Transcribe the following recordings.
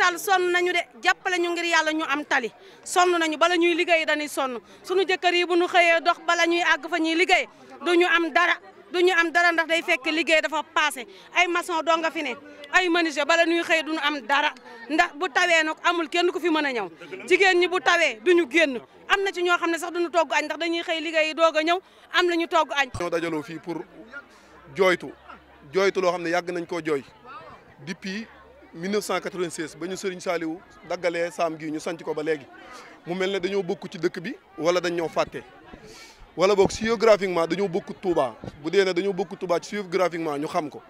Sall sonn nañu de jàppale ñu ngir yàlla ñu am tali sonn nañu bala ñuy liggéey dañuy sonn suñu jëkkër yi bu ñu xëyee dox bala ñuy àgg fa ñuy liggéey du ñu am dara du am dara ndax day fekk liggéey dafa passé ay maçon doo fi ne ay menuisier bala ñuy xëy du ñu am dara ndax bu tawee nag amul kenn ku fi mën a ñëw jigéen ñi bu tawee du ñu génn am na ci ñoo xam ne sax du ñu togg añ ndax dañuy xëy liggéey yi a ñëw am la ñu togg añ. ñoo dajaloo fii pour jooytu jooytu loo xam ne yàgg nañ koo jooy 1996 ba ñu Serigne Saliou daggalee saam gi ñu sanc ko ba léegi mu mel ne dañoo bokk ci dëkk bi wala dañ ñoo fàtte wala boog géographiquement dañoo bokk Touba bu dee ne dañoo bokk Touba ci géographiquement ñu xam ko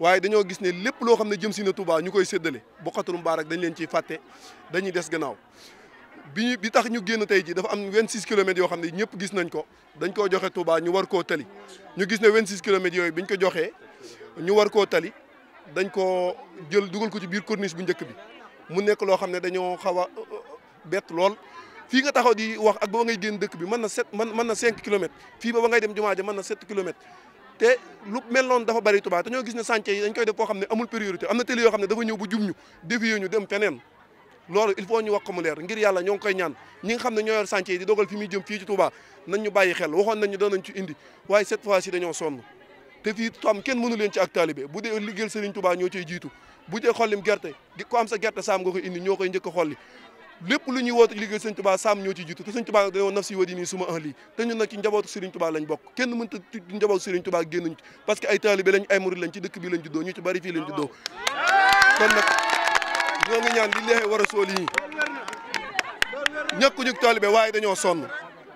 waaye dañoo gis ne lépp loo xam ne jëm si na Touba ñu koy séddale Bokatoul Mbarak dañ leen ciy fàtte dañuy des gannaaw bi bi tax ñu génn tey ji dafa am 26 kilomètres yoo xam ne ñëpp gis nañ ko dañ ko joxe Touba ñu war koo tali ñu gis ne 26 kilomètres yooyu biñ ko joxee ñu war koo tali dañ ko jël dugal ko ci biir corniche bu njëkk bi mu nekk loo xam ne dañoo xaw a euh, euh, bett lool fii nga taxaw di wax ak ba ngay génn dëkk bi mën na sept mën mën na cinq kilomètres fii ba ba ngay dem jumaa ja mën na sept kilomètres te lu mel noonu dafa bari Touba te ñoo gis ne chantier yi dañ koy def koo xam ne amul priorité am na télé yoo xam ne dafa ñëw bu jum ñu dévié ñu dem feneen loolu il faut ñu wax leer ngir yàlla ñoo ngi koy ñaan ñi nga xam ne ñoo yor chantier yi di dogal fi fii ci Touba nañ ñu bàyyi xel waxoon nañ ñu doon nañ ci indi waaye cette fois ci dañoo sonn te fii tam kenn mënu leen ci ak taalibe bu dee liggéeyal Serigne Touba ñoo cay jiitu bu dee xollim gerte ko sa gerte saam nga koy indi ñoo koy njëkk a xolli lépp lu ñuy woote liggéeyal Serigne Touba saam ñoo ciy jiitu te Serigne Touba dañoo naf si wadi nii suma un lii te ñun nag ci njabootu Serigne Touba lañ bokk kenn mënta ci njabootu Serigne Touba génnuñ parce que ay taalibe lañ ay murid lañ ci dëkk bi lañ juddoo ñu ci bari fii lañ juddoo kon nag ñoo ngi ñaan li leexee war a sool yi waaye dañoo sonn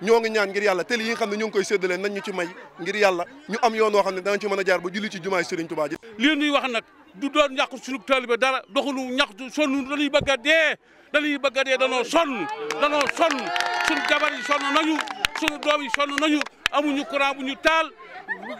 ñoo ngi ñaan ngir yàlla te li yi nga xam ne ñu ngi koy séddale nañ ñu ci may ngir yàlla ñu am yoon woo xam ne danañ ci mën a jaar ba julli ci jumaay Serigne Touba ji lii ñuy wax nag du doon ñàkk suñu taalibe dara doxulu ñàkk sonn dañuy bëgg a dee dañuy bëgg a dee danoo sonn danoo sonn suñu jabar yi sonn nañu suñu doom yi sonn nañu amuñu courant bu ñu taal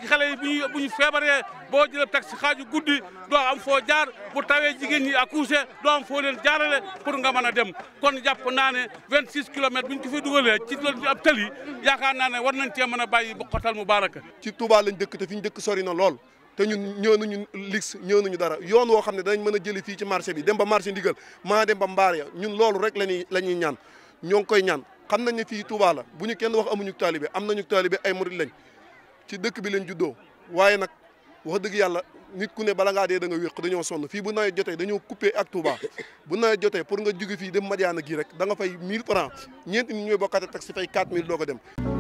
xale yi bu ñu bu ñu feebaree boo jëlee taxi xaaju guddi doo am foo jaar bu tawee jigéen ñi accouché doo am foo leen jaarale pour nga mën a dem kon jàpp naa ne 26 kilomètres bu ñu ko fi dugalee ci loolu ab tali yaakaar naa ne war nañ cee mën a bàyyi bu xotal mu baraka ci Touba lañ dëkk te fi ñu dëkk sori na lool te ñun ñëw nañu lix ñëw nañu dara yoon woo xam ne dañ mën a jëli fii ci marché bi dem ba marché ndigal maa dem ba mbaar ya ñun loolu rek lañuy la ñuy ñaan ñoo ngi koy ñaan xam nañ ne fii Touba la bu ñu kenn wax amuñu taalibe am nañu taalibe ay murid lañ ci dëkk bi lañ juddoo waaye nag wax dëgg yàlla nit ku ne bala nga dee da nga wéq dañoo sonn fii bu nawet jotee dañoo coupé ak Touba bu nawet jotee pour nga jóge fii dem Madiana gii rek da nga fay 1000 francs ñeenti nit ñooy bokkaate tax si fay mille do ko dem